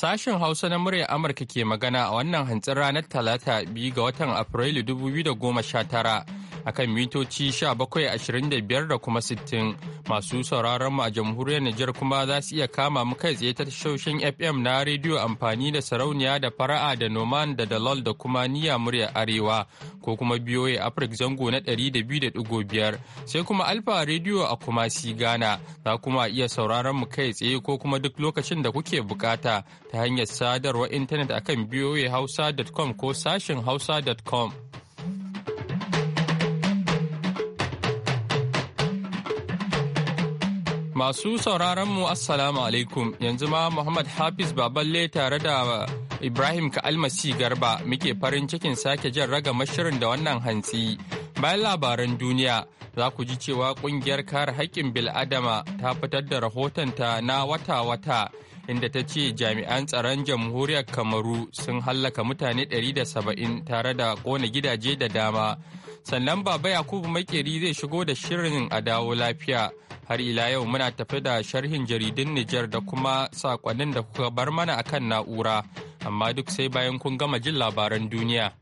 Sashen Hausa na muryar Amurka ke magana a wannan hantsin ranar Talata biyu ga watan Afrilu 2019 akan mitoci 1725 da kuma 60 masu sauraron mu a jamhuriyar Nijar kuma za su iya kama mu kai tsaye ta tashoshin FM na rediyo amfani da sarauniya da fara'a da noman da dalol da kuma niya murya arewa ko kuma BOA Africa zango na 200.5 sai kuma Alfa rediyo a kuma si Ghana za kuma iya sauraron mu kai tsaye ko kuma duk lokacin da kuke bukata ta hanyar sadarwar intanet akan BOA Hausa.com ko sashin Hausa.com. Masu sauraronmu Assalamu alaikum yanzu ma Muhammad Hafiz Baballe tare da Ibrahim Ka'almasi Garba muke farin cikin sake jan raga shirin da wannan hantsi. Bayan labaran duniya za ku ji cewa kungiyar kare haƙƙin bil'adama ta fitar da rahotonta na wata-wata inda ta ce jami'an tsaron jamhuriyar kamaru sun hallaka mutane 170 tare da kona gidaje da dama sannan baba yakubu makeri zai shigo da shirin a dawo lafiya har ila yau muna tafi da sharhin jaridun nijar da kuma sakonnin da kuka bar mana akan na'ura amma duk sai bayan kun gama jin labaran duniya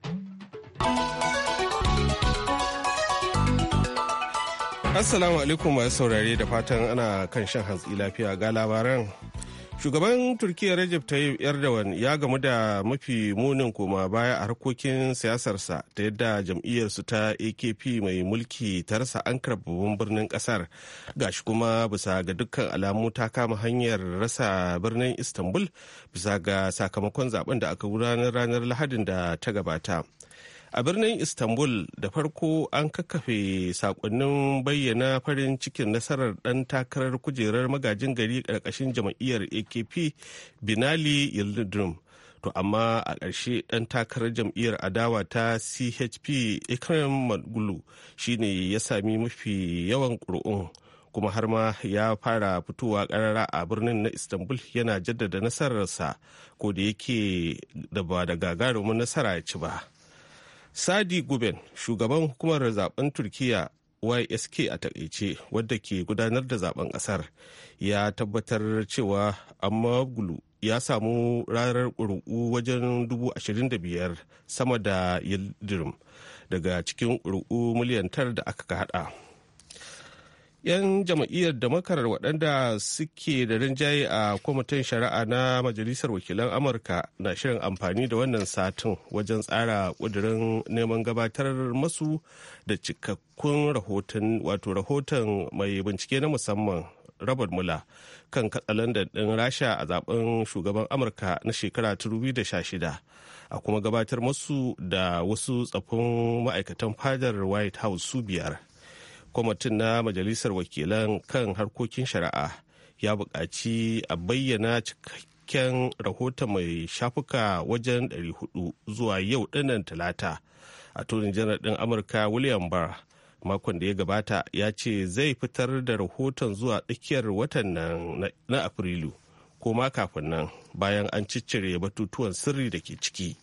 assalamu alaikum masu saurare da fatan ana kan shan hatsi lafiya ga labaran Shugaban Turkiyya Recep Tayyip Erdogan ya gamu da mafi munin koma baya a harkokin siyasarsa ta yadda jam'iyyarsu ta AKP mai mulki ta rasa ankar babban birnin kasar gashi kuma bisa ga dukkan alamu ta kama hanyar rasa birnin Istanbul bisa ga sakamakon zaben da aka gudanar ranar Lahadin da ta gabata. a birnin istanbul da farko an kakkafe sakonnin bayyana farin cikin nasarar dan takarar kujerar magajin gari karkashin jam'iyyar akp binali yildirim to amma a ƙarshe ɗan takarar jam'iyyar adawa ta chp ikram magulu shine ya sami mafi yawan ƙuri'un kuma har ma ya fara fitowa ƙarara a birnin na istanbul yana jaddada nasararsa ko da yake da ba da gagarumin nasara ya ci ba Sadi Guben, shugaban hukumar zaben Turkiya YSK a takaice wadda ke gudanar da zaben kasar ya tabbatar cewa amma gulu ya samu ranar ƙuri'u wajen dubu biyar sama da yildirim daga cikin ƙuri'u miliyan tara da aka haɗa. 'yan jam'iyyar makarar waɗanda suke da rinjaye a kwamitin shari'a na majalisar wakilan amurka na shirin amfani da wannan satin wajen tsara ƙudurin neman gabatar masu da cikakkun rahoton wato rahoton mai bincike na musamman robert mula kan katsalandan ɗin rasha a zaben shugaban amurka na shekara 2016 a kuma gabatar masu da wasu tsaffin ma'aikatan fadar white house su biyar kwamitin na majalisar wakilan kan harkokin shari'a ya buƙaci a bayyana cikakken rahoton mai shafuka wajen 400 zuwa yau dinnan talata a janar ɗin amurka william barr makon da ya gabata ya ce zai fitar da rahoton zuwa tsakiyar watan nan na afrilu ko ma kafin nan bayan an ciccire batutuwan sirri da ke ciki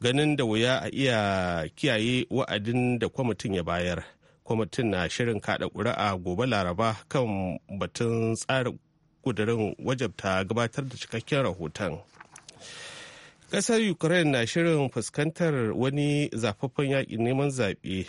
ganin da wuya a iya kiyaye wa'adin da kwamitin ya bayar kwamitin na shirin kada ƙuri'a gobe laraba kan batun tsarin kudurin wajabta gabatar da cikakken rahoton ƙasar ukraine na shirin fuskantar wani zafaffen yaƙin neman zaɓe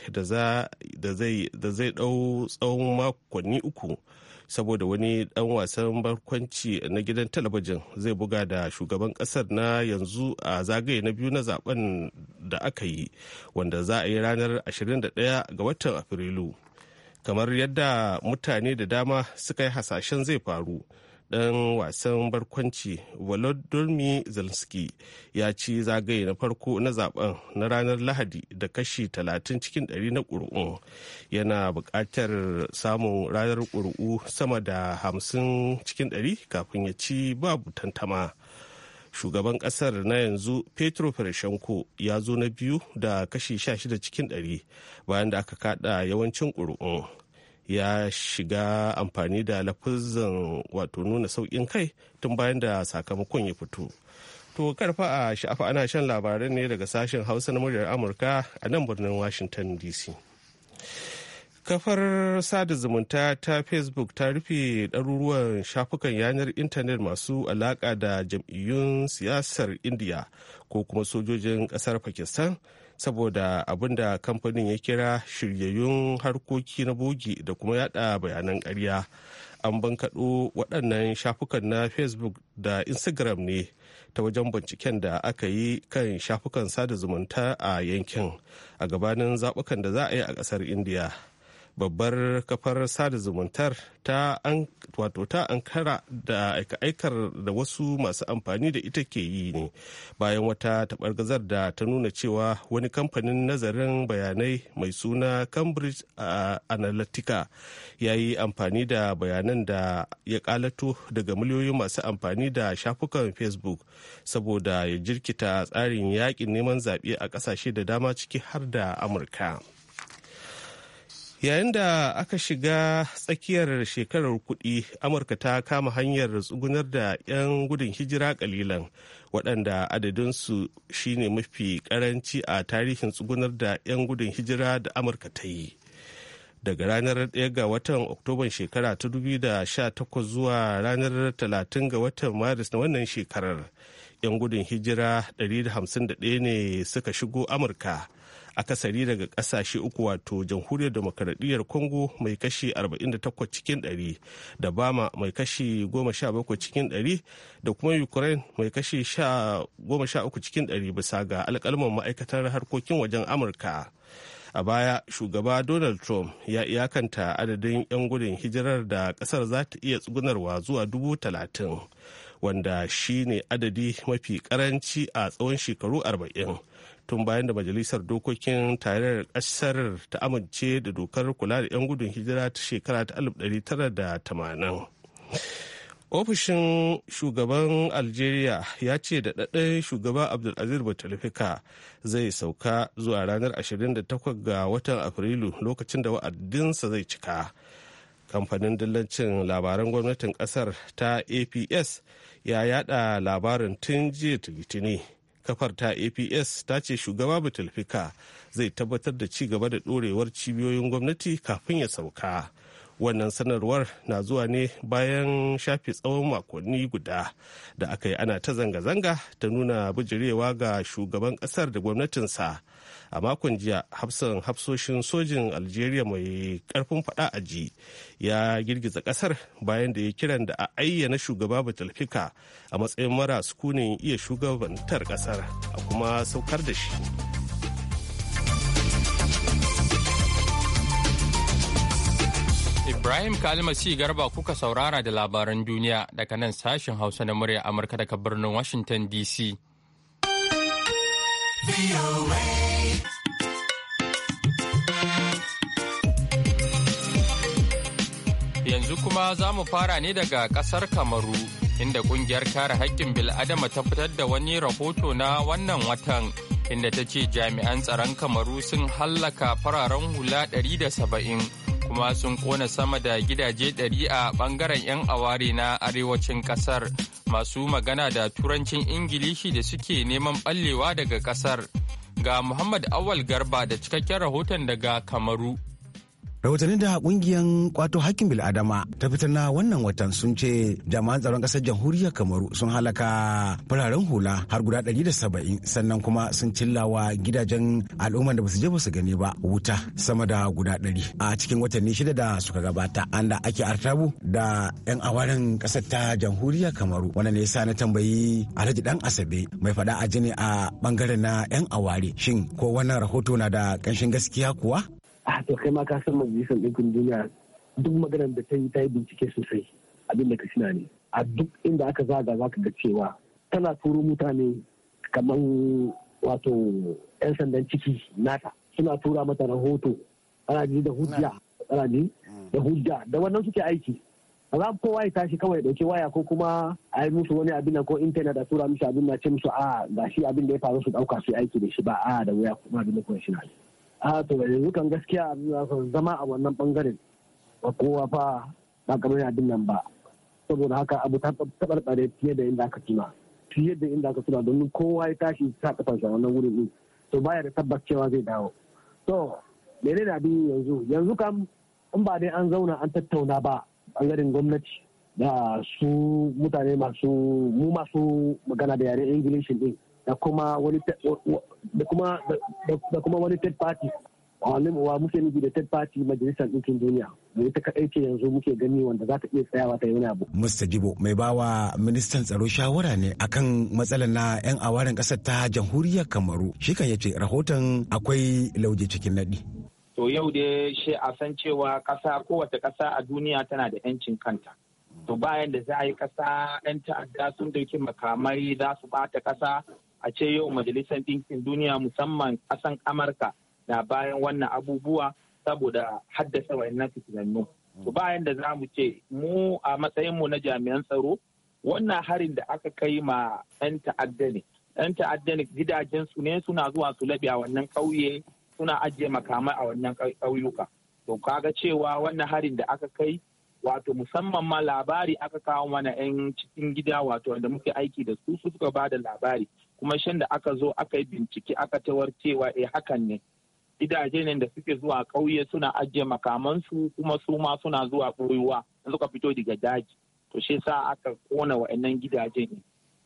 da zai dau tsawon makonni uku saboda wani dan wasan barkwanci na gidan talabijin zai buga da shugaban kasar na yanzu a zagaye na biyu na zaben da aka yi wanda za a yi ranar 21 ga watan afrilu kamar yadda mutane da dama suka yi hasashen zai faru ɗan wasan barkwanci Volodymyr Zelensky ya ci zagaye na farko na zaben na ranar Lahadi da kashi 30 cikin 100 na ƙuri'u yana buƙatar samun ranar ƙuri'u sama da 50 cikin 100 kafin ya ci babu tantama. Shugaban ƙasar na yanzu Petro Poroshenko ya zo na biyu da kashi 16 cikin 100 bayan da aka kada yawancin ƙuri'un. ya shiga amfani da lafazin wato nuna sauƙin kai tun bayan da sakamakon ya fito to karfa a sha'afa ana shan labaran ne daga sashen hausa na muryar amurka a nan birnin washington dc kafar sada zumunta ta facebook ta rufe ɗaruruwan shafukan yanar intanet masu alaƙa da jam'iyyun siyasar india ko kuma sojojin ƙasar pakistan saboda abin da kamfanin ya kira shiryayyun harkoki na bogi da kuma yada bayanan karya an bankaɗo waɗannan shafukan na facebook da instagram ne ta wajen binciken da aka yi kan shafukan sada zumunta a yankin a gabanin zaɓukan da za a yi a ƙasar india babbar kafar sada zumuntar ta wato ta ankara da aika-aikar da wasu masu amfani da ita ke yi ne bayan wata taɓargazar da ta nuna cewa wani kamfanin nazarin bayanai mai suna cambridge analytica ya yi amfani da bayanan da ya kalato daga miliyoyin masu amfani da shafukan facebook saboda ya jirkita tsarin yakin neman zaɓe a ƙasashe da dama ciki har da amurka. yayin da aka shiga tsakiyar shekarar kuɗi amurka ta kama hanyar tsugunar da 'yan gudun hijira kalilan waɗanda adadinsu shine mafi karanci a tarihin tsugunar da 'yan gudun hijira da amurka ta yi daga ranar 1 ga watan oktoban shekara ta 2018 zuwa ranar 30 ga watan maris na wannan shekarar 'yan gudun hijira 151 ne suka shigo amurka akasari daga kasashe uku wato jamhuriyar demokaradiyyar congo mai kashi 48 cikin 100 da bama mai kashi 17 cikin 100 da kuma ukraine mai kashi 13 cikin 100 bisa ga alkalman ma'aikatar harkokin wajen amurka a baya shugaba donald trump ya iyakanta adadin 'yan gudun hijirar da kasar za ta iya tsugunarwa zuwa 30,000 wanda shi ne adadi mafi karanci a tsawon shekaru tun bayan da majalisar dokokin tarayyar ƙasar ta amince da dokar kula da 'yan gudun hijira ta shekara ta 1980 ofishin shugaban algeria ya ce da ɗaɗɗen shugaba abdulaziz bouteflika zai sauka zuwa ranar 28 ga watan afrilu lokacin da wa'adinsa zai cika kamfanin dillancin labaran gwamnatin ƙasar ta aps ya yada labarin tun jiya litini kafar ta aps ta ce shugaba butulfika zai tabbatar da ci gaba da ɗorewar cibiyoyin gwamnati kafin ya sauka wannan sanarwar na zuwa ne bayan shafi tsawon makonni guda da aka yi ana ta zanga-zanga ta nuna bijirewa ga shugaban kasar da gwamnatinsa a makon jiya hafsan hafsoshin sojin algeria mai karfin fada a ji ya girgiza kasar bayan da ya kiran da a ayyana shugaba batalfika a matsayin mara sukunin iya shugabantar kasar a kuma saukar da shi Ibrahim kalima si Garba kuka saurara da labaran duniya daga nan sashen Hausa na murya Amurka daga birnin Washington DC. Yanzu kuma za mu fara ne daga ƙasar Kamaru, inda ƙungiyar kare haƙƙin bil'adama ta fitar da wani rahoto na wannan watan, inda ta ce jami'an tsaron Kamaru sun hallaka fararen hula 170. kuma sun kona sama da gidaje ɗari a ɓangaren 'yan aware na arewacin ƙasar masu magana da turancin ingilishi da suke neman ɓallewa daga ƙasar ga muhammad awal garba da cikakken rahoton daga kamaru rahotannin da kungiyar kwato hakkin bil'adama ta fitar na wannan watan sun ce jami'an tsaron kasar jamhuriyar kamaru sun halaka fararen hula har guda ɗari da saba'in sannan kuma sun cillawa gidajen al'umman da basu je basu gani ba wuta sama da guda 100 a cikin watanni shida da suka gabata an da ake artabu da 'yan awarin kasar ta jamhuriyar kamaru wannan ne yasa na tambayi alhaji dan asabe mai fada a jini a bangaren na 'yan aware shin ko wannan rahoto na da kanshin gaskiya kuwa a to kai ma ka san majalisar ɗinkin duniya duk maganar da ta yi ta yi bincike sosai abin da ka na ne a duk inda aka zaga za ka ga cewa tana turo mutane kamar wato 'yan sandan ciki nata suna tura mata rahoto ana ji da hujja ana ji da hujja da wannan suke aiki ba za kowa ya tashi kawai dauke waya ko kuma a yi musu wani abin ko intanet a tura musu abin na ce musu a ah, ga shi abin da ya faru su dauka su aiki da shi ba a da wuya kuma abin da kuma shi na ne. a to yanzu kan gaskiya zama a wannan bangaren ba kowa fa ba kamar yadin nan ba saboda haka abu ta tabarbare fiye da inda aka tuna fiye da inda aka tuna domin kowa ya tashi sa kafansa wannan wurin din to baya da tabbas cewa zai dawo to mene na abin yanzu yanzu kam in ba dai an zauna an tattauna ba bangaren gwamnati da su mutane masu mu masu magana da yaren ingilishin din da kuma wani da party wa muke nufi da third party majalisar ɗinkin duniya da ita kaɗai ce yanzu muke gani wanda za ta iya tsayawa ta yi abu. Mr. Jibo mai bawa ministan tsaro shawara ne akan matsalar na 'yan awarin kasar ta jamhuriyar Kamaru shi kan yace rahoton akwai lauje cikin naɗi. To yau dai shi a san cewa ƙasa kowace kasa a duniya tana da 'yancin kanta. To bayan da za a yi ƙasa 'yan ta'adda sun dauki makamai za su ɓata ƙasa a ce yau majalisar ɗinkin duniya musamman ƙasan amurka na bayan wannan abubuwa saboda haddasa wayannan fitinannu to bayan da za mu ce mu a matsayinmu na jami'an tsaro wannan harin da aka kai ma 'yan ta'adda ne 'yan ta'adda ne gidajensu ne suna zuwa su labe a wannan ƙauye suna ajiye makamai a wannan ƙauyuka to kaga cewa wannan harin da aka kai wato musamman ma labari aka kawo mana 'yan cikin gida wato wanda muke aiki da su suka ba da labari kuma shan da aka zo aka yi bincike aka tawar cewa eh hakan ne gidaje ne da suke zuwa ƙauye suna ajiye makamansu kuma su ma suna zuwa ɓoyuwa in suka fito daga daji to shi sa aka kona wa'annan gidaje ne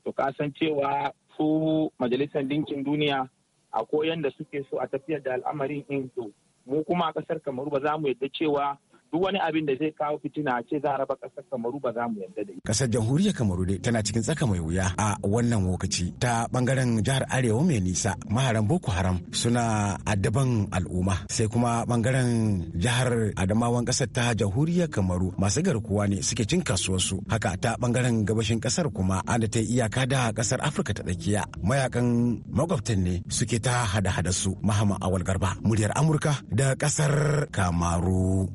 to ka san cewa su majalisar dinkin duniya a koyan da suke so a tafiyar da al'amarin in to mu kuma a ƙasar kamaru ba za mu yadda cewa duk wani abin da zai kawo fitina ce za a raba ƙasar kamaru ba za mu yarda da ƙasar jamhuriyar kamaru dai tana cikin tsaka mai wuya a wannan lokaci ta bangaren jihar arewa mai nisa maharan boko haram suna addaban al'umma sai kuma bangaren jihar adamawan ƙasar ta jamhuriyar kamaru masu garkuwa ne suke cin kasuwarsu haka ta bangaren gabashin ƙasar kuma an da ta iyaka da ƙasar afirka ta tsakiya mayakan makwabtan ne suke ta hada-hada su mahama awal garba muryar amurka da ƙasar kamaru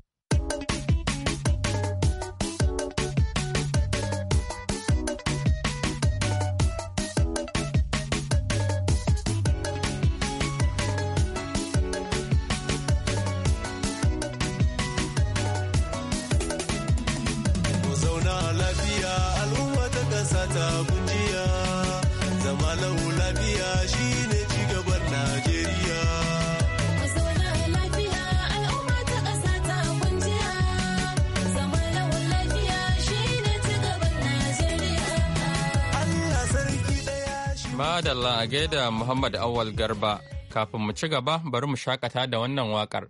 da a gaida Muhammad Awal Garba kafin mu ci gaba bari mu shakata da wannan waƙar.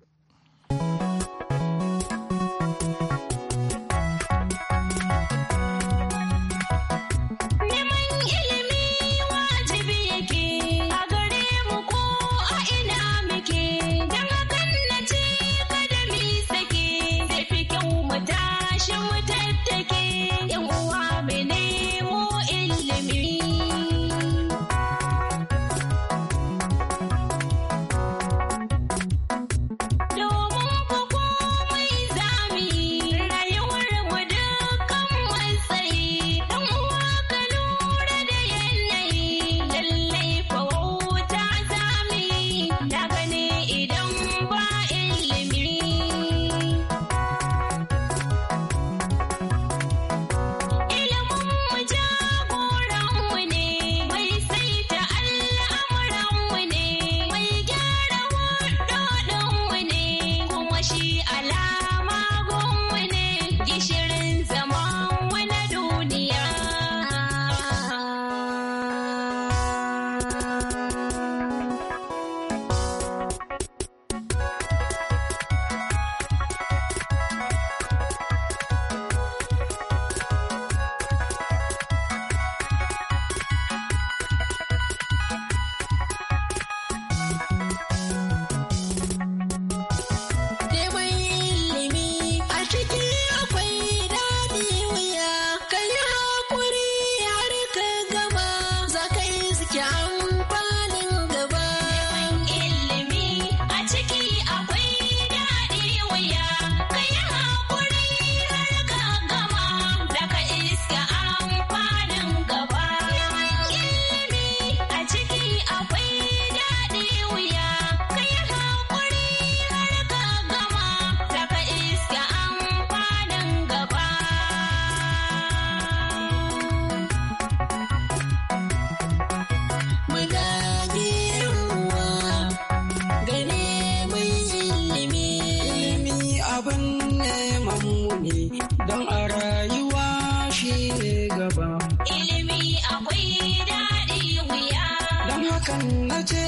ne don a rayuwa shi gaba. Ilimi akwai daɗi wuya. Don hakan na ce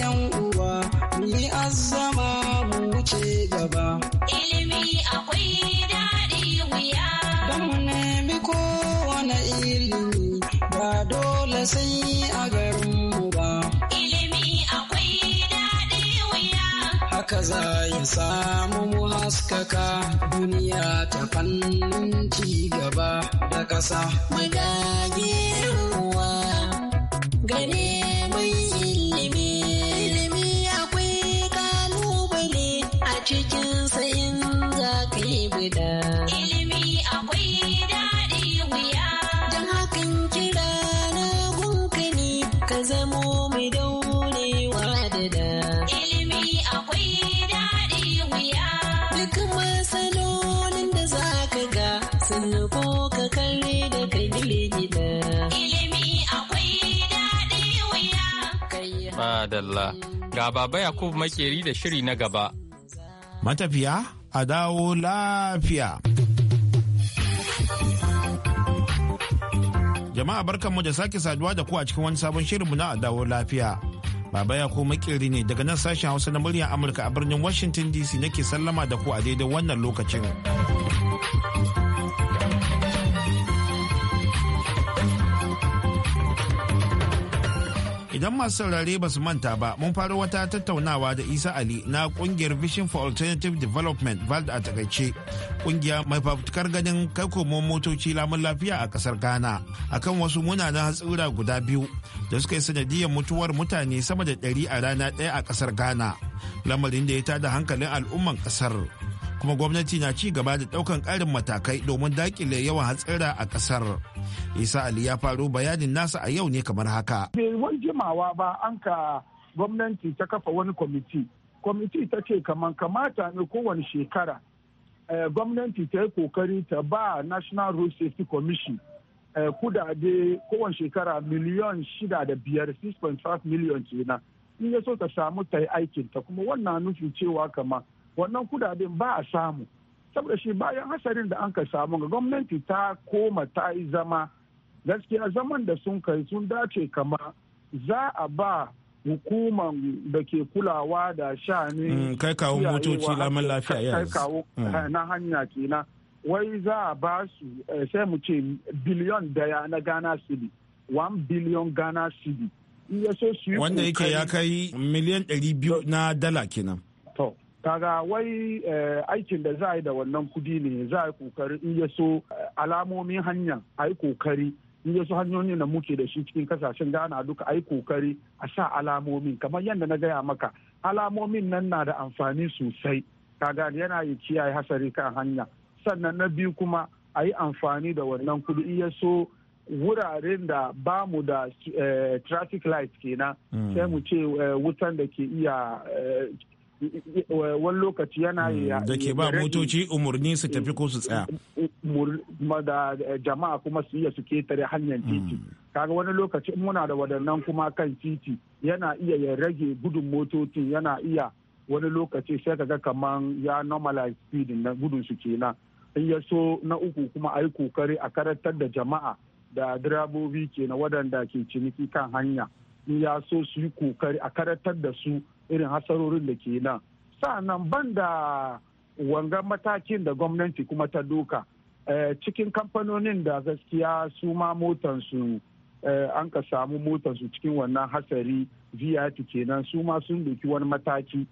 ‘yan uwa ni azama mu wuce gaba. Ilimi akwai daɗi wuya. Don mu nemi kowane ilimi ba dole sai a garinmu ba. Ilimi akwai daɗi wuya. Haka za yi samu haskaka duniya ta fannin ci gaba da ƙasa. Magage ruwa gare mai ilimi, ilimi akwai kalubale a cikin ko ka Madalla, ga Baba Yakubu Makeri da shiri na gaba. Matafiya, a dawo lafiya. Jama'a barkanmu da sake saduwa da ku a cikin wani sabon shirinmu na a dawo lafiya. Baba ya ko ne daga nan sashen Hausa na muryar Amurka a birnin Washington DC nake sallama da ku a daidai wannan lokacin. Idan masu saurare ba su manta ba, mun fara wata tattaunawa da Isa Ali na kungiyar Vision for Alternative Development VALD a takaice. Kungiya mai fafutukar ganin kai motoci lamun lafiya a kasar Ghana akan wasu munanan hatsura guda biyu da suka yi sanadiyar mutuwar mutane sama da ɗari a rana daya a kasar Ghana. Lamarin da ya tada hankalin al'umman kasar. kuma gwamnati na ci gaba da daukan karin matakai domin dakile yawan hatsira a kasar isa ali ya faro bayanin nasa a yau ne kamar haka bai wani jimawa ba an ka gwamnati ta kafa wani kwamiti kwamiti ta ce kamar kamata ne kowane shekara eh, gwamnati ta yi kokari ta ba national road safety commission eh, kudade kowane shekara miliyan shida da biyar 6.5 miliyan kenan in ya so ta samu ta yi aikinta kuma wannan nufin cewa kama wannan kudaden ba a samu saboda shi bayan hasarin da an ka samu ga gwamnati ta koma ta yi zama gaskiya zaman da sun kai sun dace kama za a ba hukuman da ke kulawa da sha ne mm, kai kawo motoci lamar lafiya ya kawo mm. eh, na hanya kenan wai za a ba su eh, sai mu ce biliyon daya na ghana city one biliyon ghana city wanda yake ya kai miliyan 200 na dala kenan to kaga wai eh, aikin da za a yi da wannan kudi ne za a yi kokari in ya so eh, alamomin hanya a yi kokari in ya so hanyoyin da muke da shi cikin kasashen ghana duka a yi kokari a sa alamomin kamar yadda na gaya maka alamomin nan na da amfani sosai kaga yana yi kiyaye hasari kan hanya sannan na biyu kuma a yi amfani da wannan kudi in ya so wuraren da ba mu da eh, traffic light kenan mm. sai mu ce wutan da ke iya wani lokaci yana hmm, da ke ba motoci umarni su tafi ko su tsaya eh, eh, da jama'a kuma su iya su ketare hanyar titi hmm. kaga wani lokaci muna da wadannan kuma kan titi yana iya ya rage gudun motocin yana iya wani lokaci sai kaga kaman ya normalize speed na gudun su kenan in ya so na uku kuma a yi kokari a karatar da jama'a da direbobi kenan waɗanda ke ciniki kan hanya in ya so su yi kokari a karantar da su irin hasarorin da ke nan sa'annan ban da wangan matakin da gwamnati kuma ta doka eh, cikin kamfanonin da gaskiya su ma motansu eh, an ka samu motansu cikin wannan hasari vip kenan su ma sun doki wani mataki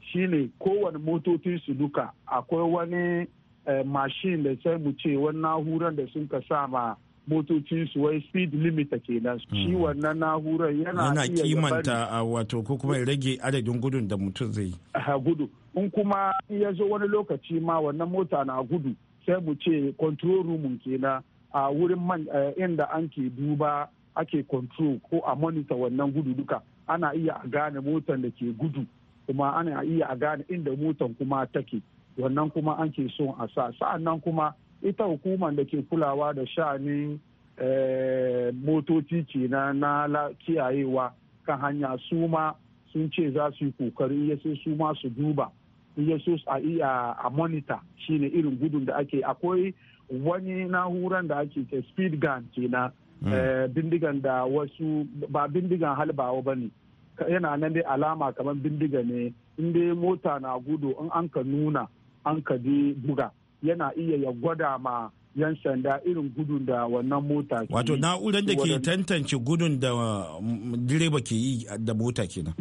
shine kowane su duka akwai wani eh, mashin da sai mu ce wani nahuran da sun ka sa ma motocin su wai speed limiter kenan shi hmm. wannan na'urar yana iya kimanta wato ko kuma rage adadin gudun da mutum zai gudu in kuma ya zo wani lokaci ma wannan mota na gudu sai mu ce control room kenan a wurin man eh, inda an ke duba ake control ko a monitor wannan gudu duka ana iya a gane motan da ke gudu kuma ana iya a gane inda motan kuma take wannan kuma an ke son a sa sa'annan kuma ita hukumar da ke kulawa da sha'anin eh, motoci ke na kiyayewa kan hanya su ma sun ce za su yi kokari ya so su ma su duba ya so a iya a monitor shine irin gudun da ake akwai wani na'uran da ake ke speed gun ke na hmm. eh, bindigan da wasu ba bindigan halbawa ba ne yana nan dai alama kamar bindiga ne inda mota na gudu in an ka nuna an ka je buga yana iya ya gwada ma yan sanda irin gudun da wannan mota ke wato na'urar da ke tantance gudun da mm, direba ke yi da mota na.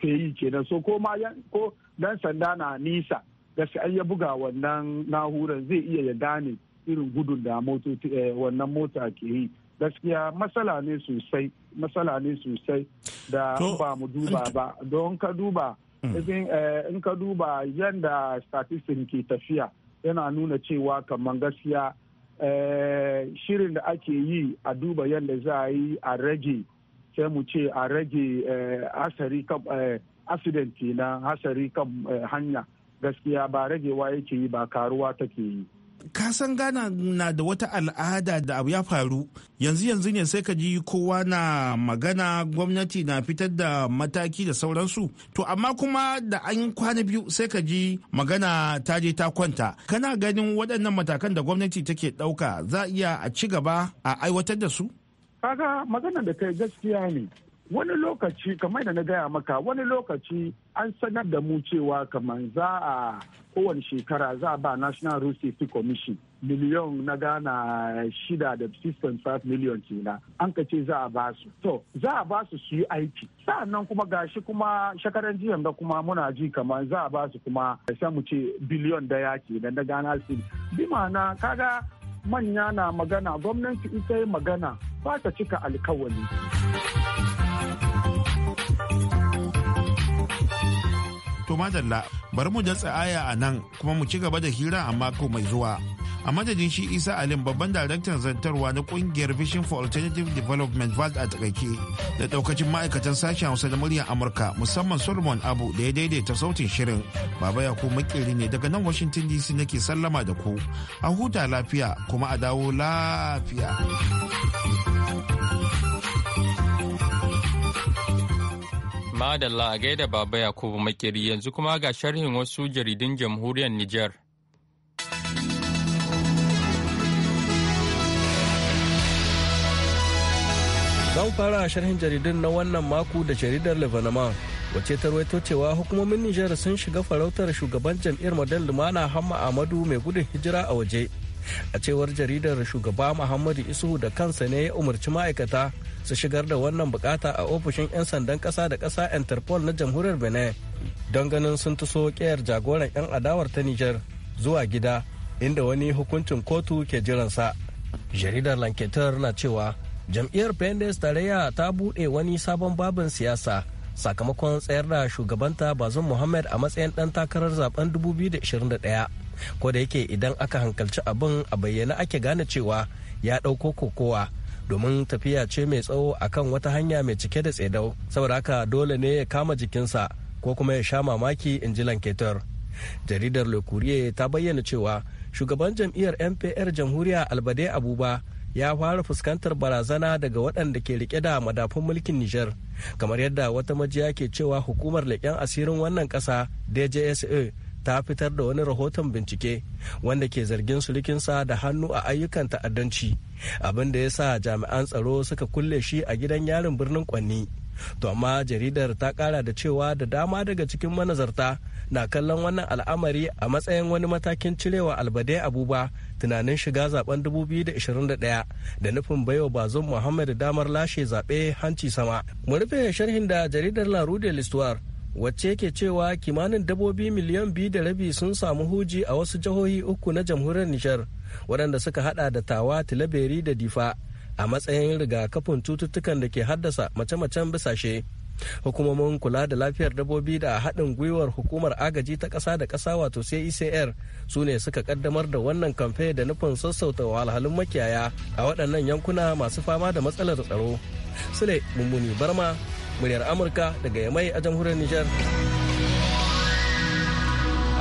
ke yi kenan so ko ma ko dan sanda na nisa gaskiya ya buga wannan na'urar zai iya ya gane irin gudun da eh, wannan mota ke yi gaskiya matsala ne sosai matsala ne sosai da ba mu duba ba don ka duba mm. eh, in ka duba yadda statistics ke tafiya yana nuna cewa kamar gaskiya eh, shirin da ake yi a duba yadda za a yi a rage sai mu ce a rage eh, hasari kan eh, accident na hasari kan hanya gaskiya ba ragewa yake yi ba karuwa take yi ka san gana na da wata al'ada da abu ya faru yanzu yanzu ne sai ka ji kowa na magana gwamnati na fitar da mataki da sauransu to amma kuma da an kwana biyu sai ka ji magana ta je ta kwanta kana ganin waɗannan matakan da gwamnati take ɗauka za a iya a ci gaba a aiwatar da su kaga magana da kai gaskiya ne wani lokaci kamar da na gaya maka wani lokaci an sanar da mu cewa kamar za a kowane shekara za a ba national road safety commission miliyon na ghana shida da 6.5 miliyon kenan an ka ce za a ba su to za a ba su su yi aiki sa'annan kuma gashi kuma shakarar jiyan da kuma muna ji kamar za a ba su kuma sai mu ce biliyon daya kenan na ghana city bi ma'ana kaga manya na magana gwamnati ita yi magana ba ta cika alkawali to madalla bari mu jantsa aya a nan kuma mu ci gaba da hira a mako mai zuwa a madadin shi isa alim babban daraktan zantarwa na kungiyar vision for alternative development vald a takaice da daukacin ma'aikatan sashen hausa da muryar amurka musamman solomon abu da ya daidaita sautin shirin baba ya ku makeri ne daga nan washington dc nake sallama da ku a huta lafiya kuma a dawo lafiya Madalla a gaida Baba Yakubu makiri yanzu kuma ga sharhin wasu jaridun jamhuriyar Nijar. Zan fara a sharhin jaridun na wannan mako da jaridar Lebanon wace ta rawaito cewa hukumomin Nijar sun shiga farautar shugaban jam'iyyar Model Lumana Hamma Ahmadu mai gudun hijira a waje. a cewar jaridar shugaba muhammadu isuhu da kansa ne ya umarci ma'aikata su shigar da wannan bukata a ofishin 'yan sandan kasa da kasa interpol na jamhuriyar benin don ganin sun tuso kiyar jagoran 'yan adawar ta niger zuwa gida inda wani hukuncin kotu ke jiransa jaridar lanketar na cewa jam'iyyar pendes tarayya ta buɗe wani sabon babin siyasa sakamakon tsayar da shugabanta bazum muhammad a matsayin ɗan takarar zaben 2021 ko da yake idan aka hankalci abin a bayyana ake gane cewa ya ɗauko kokowa domin tafiya ce mai tsawo akan wata hanya mai cike da tsedau saboda haka dole ne ya kama jikinsa ko kuma ya sha mamaki in ji lanketar jaridar le ta bayyana cewa shugaban jam'iyyar npr jamhuriya albade abuba ya fara fuskantar barazana daga waɗanda ke rike da madafun mulkin niger kamar yadda wata majiya ke cewa hukumar leƙen asirin wannan ƙasa DJSA ta fitar da wani rahoton bincike wanda ke zargin sulikinsa da hannu a ayyukan ta'addanci abin da ya sa jami'an tsaro suka kulle shi a gidan yarin birnin kwanni to amma jaridar ta kara da cewa da dama daga cikin manazarta na kallon wannan al'amari a matsayin wani matakin cirewa albade abuba tunanin shiga zaben 2021 da nufin baiwa bazon muhammad damar lashe zaɓe hanci sama mu rufe sharhin da jaridar larude listuwar wacce ke cewa kimanin dabobi miliyan biyu da rabi sun samu huji a wasu jihohi uku na jamhuriyar Nijar waɗanda suka hada da tawa tilaberi da difa a matsayin rigakafin cututtukan da ke haddasa mace-macen bisashe. hukumomin kula da lafiyar dabobi da haɗin gwiwar hukumar agaji ta ƙasa da ƙasa wato cecr su ne suka ƙaddamar da wannan kamfe da nufin sassauta wahalhalun makiyaya a waɗannan yankuna masu fama da matsalar tsaro sule mummuni barma muryar amurka daga yamai a jamhuriyar nijar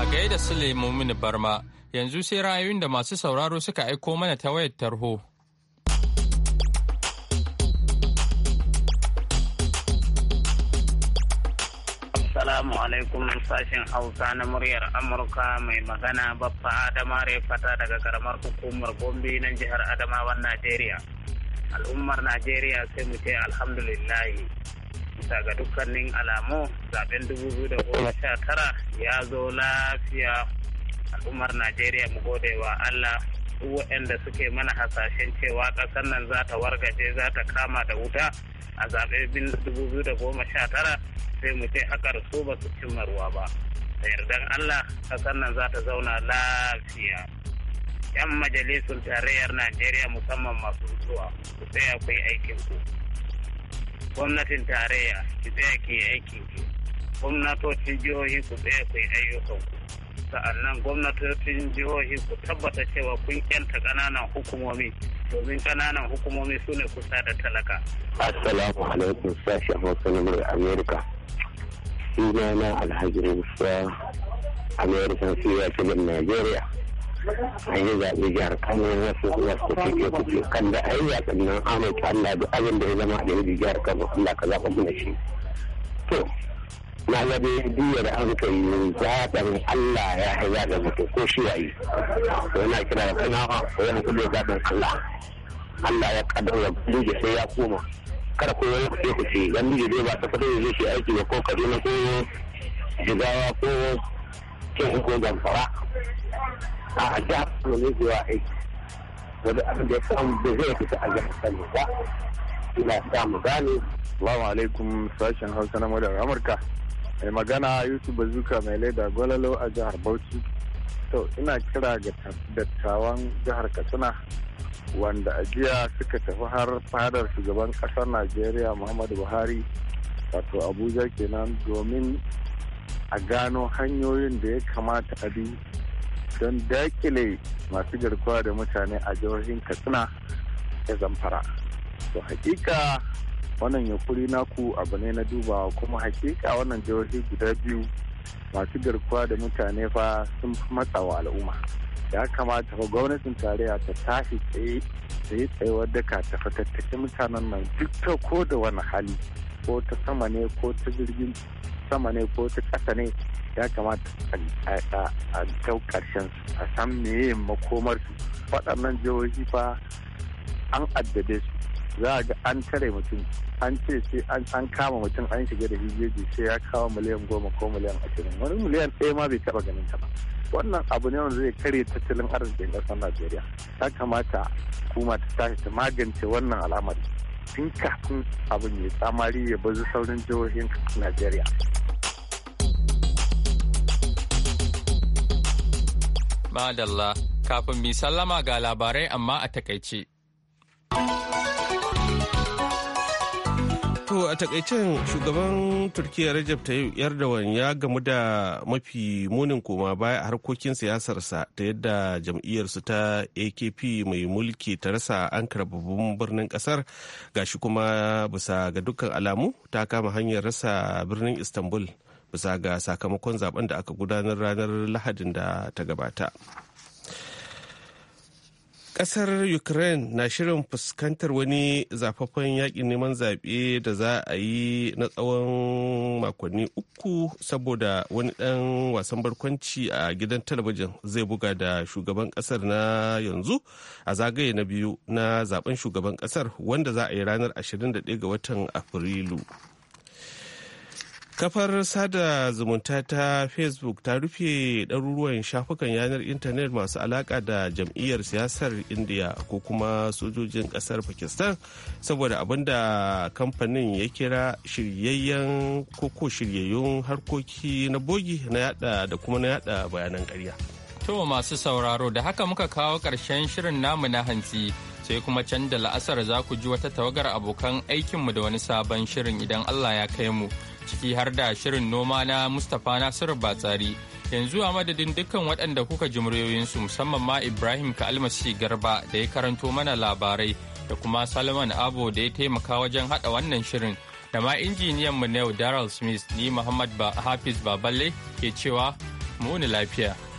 a gaida sule mumini barma yanzu sai ra'ayoyin da masu sauraro suka aiko mana ta wayar tarho Assalamu alaikum sashen Hausa na muryar Amurka mai magana Baffa Adama Refata daga karamar hukumar Gombe na jihar Adamawan Najeriya. Al'ummar Najeriya sai mu ce alhamdulillahi. bisa ga dukkanin alamu zaben 2019 ya zo lafiya al'ummar najeriya mu gode wa allah waɗanda suke mana hasashen cewa ƙasar nan za ta wargaje za ta kama da wuta a zaɓen 2019 sai mu ce hakar su ba su cimma ruwa ba da yardan allah ƙasar nan za ta zauna lafiya yan majalisun tarayyar najeriya musamman masu zuwa ku tsaya ku yi aikin gwamnatin tarayya ki tsaya ki yi aikin ki gwamnatocin jihohi ku tsaya ku yi ayyukan ku sa'annan gwamnatocin jihohi ku tabbata cewa kun yanta ƙananan hukumomi domin ƙananan hukumomi su ne kusa da talaka. assalamu alaikum sashi hausa na mai amerika sunana alhaji musa amerika su cikin nigeria najeriya an yi zaɓe jihar kano wasu wasu kuke kuke kan da ai zaɓen nan ta allah da abin da ya zama a yanzu jihar kano allah ka zaɓa mana shi to na ga biyu da an kai zaɓen allah ya yi zaɓen mutum ko shi ya yi yana kira da kanawa ko yana kudu zaɓen allah allah ya kaddara duje sai ya koma kada ko wani kuɗe kuce dan duje dai ba ta fito da zai aiki da ko kaduna ko jigawa ko kin ko zamfara a jihar ne zuwa aiki wanda abin da ya samu da zai fita a jihar Kano ba ina samu gane Salamu alaikum sashen Hausa na Muryar Amurka mai magana Yusuf Bazuka mai leda gwalalo a jihar Bauchi to ina kira ga dattawan jihar Katsina wanda ajiya suka tafi har fadar shugaban kasar Najeriya Muhammadu Buhari wato Abuja kenan domin a gano hanyoyin da ya kamata a bi don dakile masu garkuwa da mutane a jihohin katsina da zamfara to hakika wannan yankuri naku abu ne na dubawa kuma hakika wannan jihohi guda biyu masu garkuwa da mutane fa sun fi matsawa al'umma ya kamata ga gwamnatin tarayya ta tashi tsaye da yi tsayuwar daka ta fatattaki mutanen nan duk ta ko da wani hali ko ta sama ne ko ta jirgin sama ne ko ta ƙasa ne ya kamata a kyau karshen a san meye makomar su waɗannan jihohi fa an addabe su za a ga an tare mutum an ce sai an kama mutum an shiga da hijeji sai ya kawo miliyan goma ko miliyan ashirin wani miliyan ɗaya ma bai taɓa ganin ta ba wannan abu ne wanda zai kare tattalin arzikin ƙasar najeriya ya kamata kuma ta tashi ta magance wannan al'amar tun kafin abin ya tsamari ya bazu saurin jihohin najeriya Madalla, kafin mi sallama ga labarai amma a takaice. To a takaicen shugaban Turkiyya Rajab Tayyip Erdogan ya gamu da mafi munin koma baya a harkokin siyasarsa ta yadda jam'iyyarsu ta AKP mai mulki ta rasa an babban birnin kasar gashi kuma bisa ga dukkan alamu ta kama hanyar rasa birnin Istanbul. bisa ga sakamakon zaben da aka gudanar ranar lahadin da ta gabata kasar ukraine na shirin fuskantar wani zafaffen yakin neman zaɓe da za a yi na tsawon makonni uku saboda wani ɗan wasan barkwanci a gidan talabijin zai buga da shugaban ƙasar na yanzu a zagaye na biyu na zaben shugaban ƙasar wanda za a yi ranar 21 ga watan afrilu kafar sada zumunta ta facebook ta rufe ɗaruruwan shafukan yanar intanet masu alaƙa da jam'iyyar siyasar indiya ko kuma sojojin ƙasar pakistan saboda abin da kamfanin ya kira shiryayyen koko shiryayyun harkoki na bogi na yada da kuma na yada bayanan ƙarya to masu sauraro da haka muka kawo ƙarshen shirin namu na hantsi sai kuma can da la'asar za ku ji wata tawagar abokan aikinmu da wani sabon shirin idan allah ya kai mu. ciki har da shirin noma na Mustapha Nasiru Batsari. Yanzu a madadin dukkan waɗanda kuka ji muryoyinsu musamman ma Ibrahim Kalmasi Garba da ya karanto mana labarai da kuma Salman Abo da ya taimaka wajen haɗa wannan shirin. Da ma injiniyan mu na yau Daryl Smith ni Muhammad Hafiz Baballe ke cewa muni lafiya.